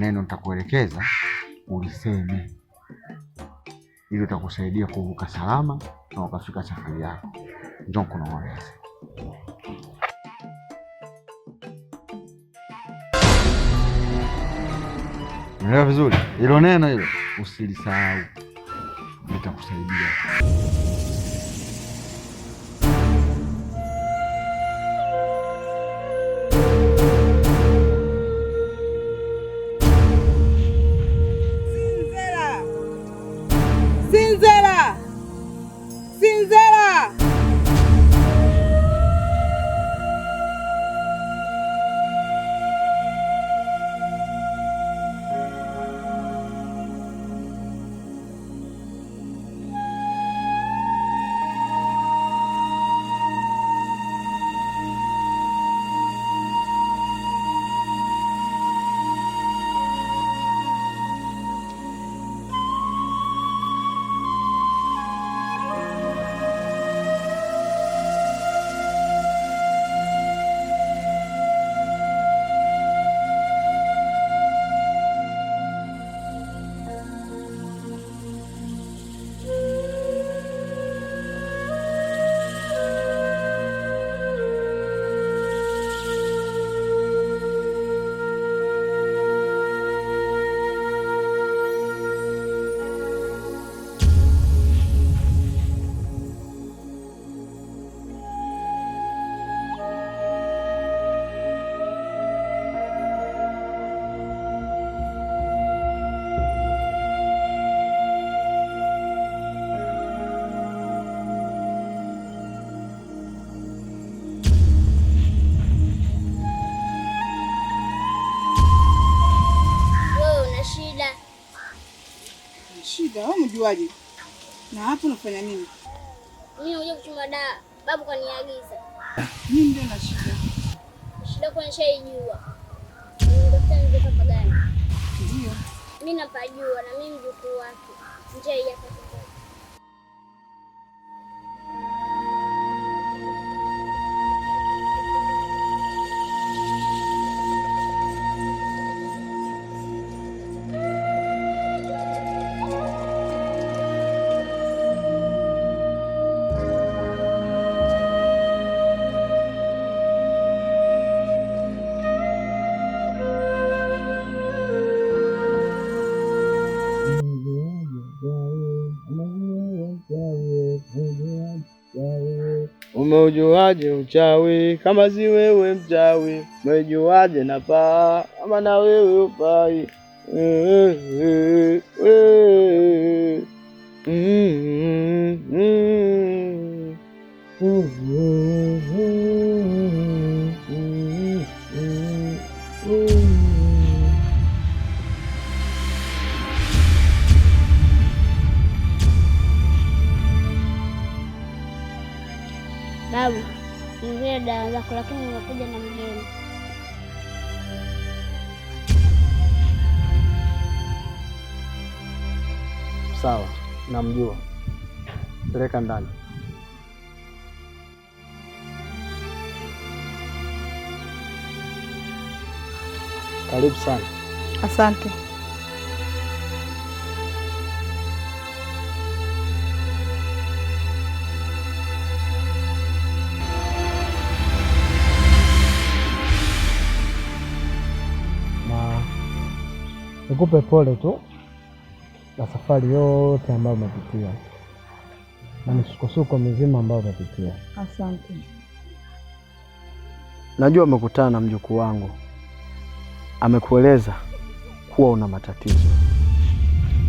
neno nitakuelekeza uliseme, ili utakusaidia kuvuka salama na ukafika safari yako. Njoo kunaoneza Unaelewa vizuri hilo neno, hilo usilisahau, litakusaidia. unajuaje? Na hapo unafanya nini? Mimi nakuja kuchuma dawa. Babu kaniagiza. Mimi ndio na shida. Shida kwa nishaijua. Daktari ndio gani? Ndio. Mimi napajua na mimi mjukuu wake. Njia hii hapa. umeujuaje uchawi kama si wewe mchawi? Umejuaje na paa kama na wewe upai? Mm-hmm. Mm-hmm. Mm-hmm. sababu nivile dawa zako, lakini nimekuja na mgeni. Sawa, namjua, peleka ndani. Karibu sana. Asante. nikupe pole tu na safari yote ambayo umepitia na misukosuko mizima ambayo umepitia. Asante. Najua umekutana na mjukuu wangu, amekueleza kuwa una matatizo.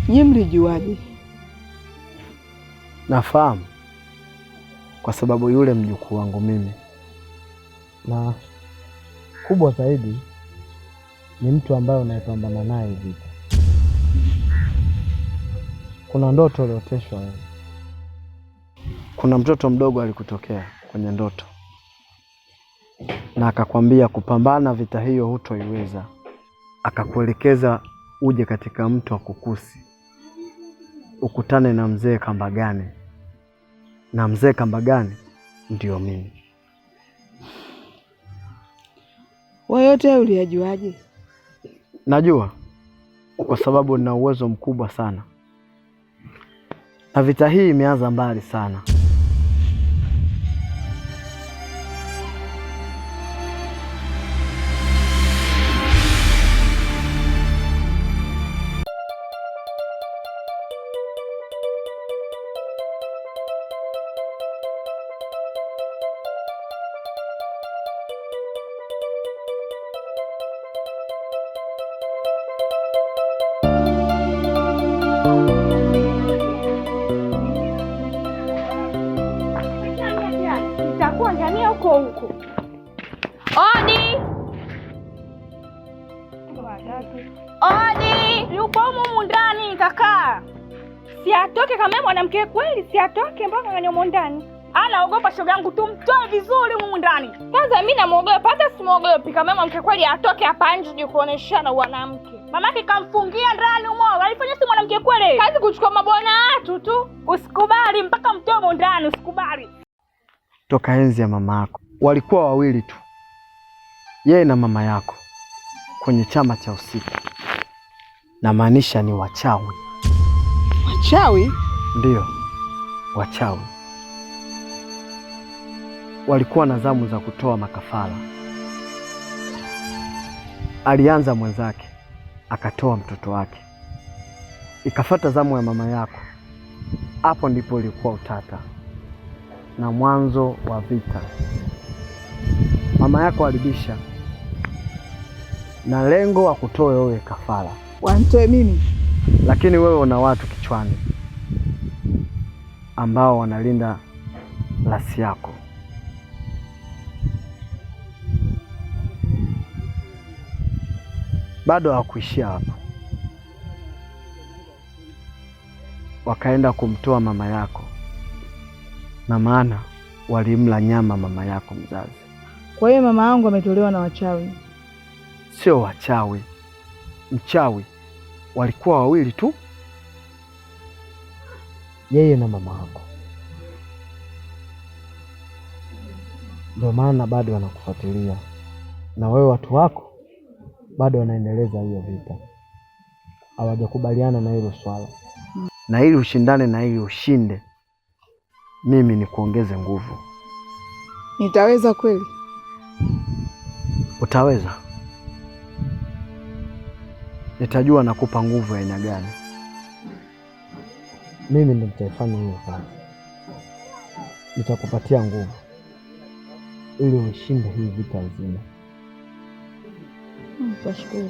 Nyie mlijuaje? Nafahamu kwa sababu yule mjukuu wangu mimi, na kubwa zaidi ni mtu ambaye unayepambana naye vita. Kuna ndoto ulioteshwa wewe, kuna mtoto mdogo alikutokea kwenye ndoto na akakwambia kupambana vita hiyo hutoiweza, akakuelekeza uje katika mto wa Kukusi ukutane na mzee Kambagani, na mzee Kambagani ndio mimi. wayote uliyajuaje? Najua kwa sababu nina uwezo mkubwa sana, na vita hii imeanza mbali sana. kakaa, siatoke kama mwanamke kweli, siatoke mpaka humo ndani. Ala, ogopa shoga yangu, tumtoe vizuri mumu ndani kwanza. Mi namwogopa, hata simwogopi. Kama mwanamke kweli, atoke hapa nje uje kuoneshana wanamke. Mamake kamfungia ndani humo, alifanya si mwanamke kweli, kazi kuchukua mabwana watu tu. Usikubali mpaka mtoe mumu ndani, usikubali. Toka enzi ya mama yako walikuwa wawili tu, yeye na mama yako kwenye chama cha usiku namaanisha ni wachawi. Wachawi? Ndiyo, wachawi walikuwa na zamu za kutoa makafara. Alianza mwenzake akatoa mtoto wake, ikafata zamu ya mama yako. Hapo ndipo ilikuwa utata na mwanzo wa vita. Mama yako alibisha na lengo wa kutoa wewe kafara wanitoe mimi. Lakini wewe una watu kichwani ambao wanalinda lasi yako. Bado hawakuishia hapo, wakaenda kumtoa mama yako, na maana walimla nyama mama yako mzazi. Kwa hiyo mama yangu ametolewa na wachawi? Sio wachawi, mchawi walikuwa wawili tu, yeye na mama yako. Ndio maana bado wanakufuatilia na wewe, watu wako bado wanaendeleza hiyo vita, hawajakubaliana na hilo swala. Na ili ushindane na ili ushinde, mimi nikuongeze nguvu. Nitaweza kweli? Utaweza nitajua nakupa nguvu ya aina gani. Mimi ndo nitaifanya hiyo kazi, nitakupatia nguvu ili ushinde hii vita nzima. Tashukuru.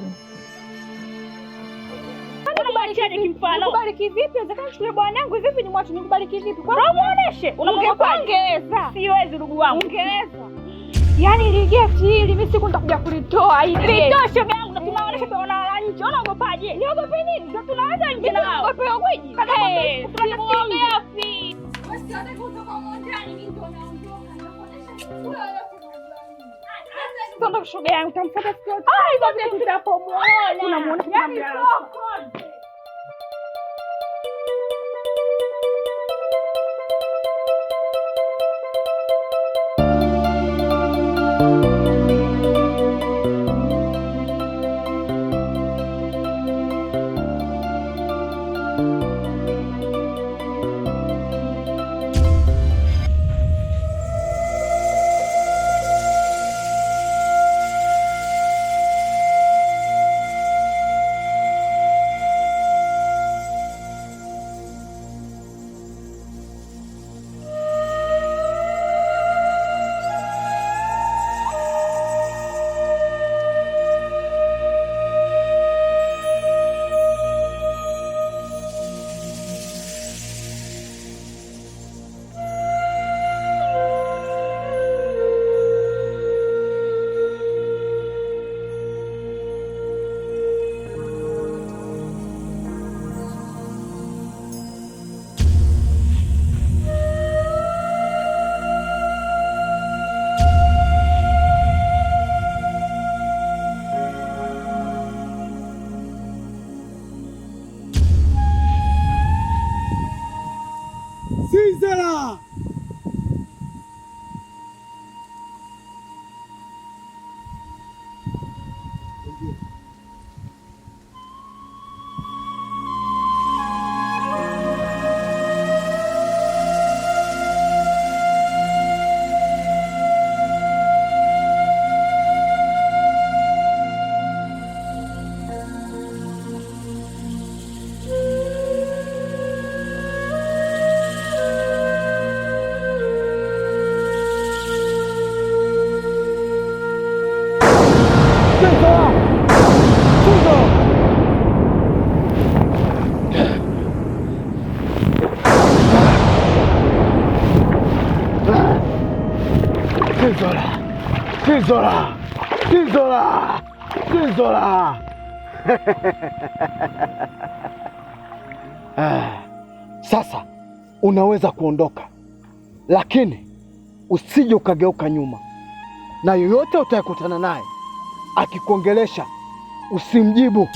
Nikubariki vipi? Wezekana bwanangu, vipi Siwezi wangu, yaani, hili mimi siku nitakuja kulitoa hili. Litoshe unaonesha tunaona nje, yaani unaogopaje? Niogope nini? Ndio tunaanza nje na wao. Unaogopa kweje? Tunataka shoga yangu tamfuata siku yote. Ah, hizo vitu tutapomuona. Unamuona yaani kama mdada. Sinzola! Sinzola! Sinzola! Sasa unaweza kuondoka, lakini usije ukageuka nyuma, na yoyote utayakutana naye akikuongelesha usimjibu.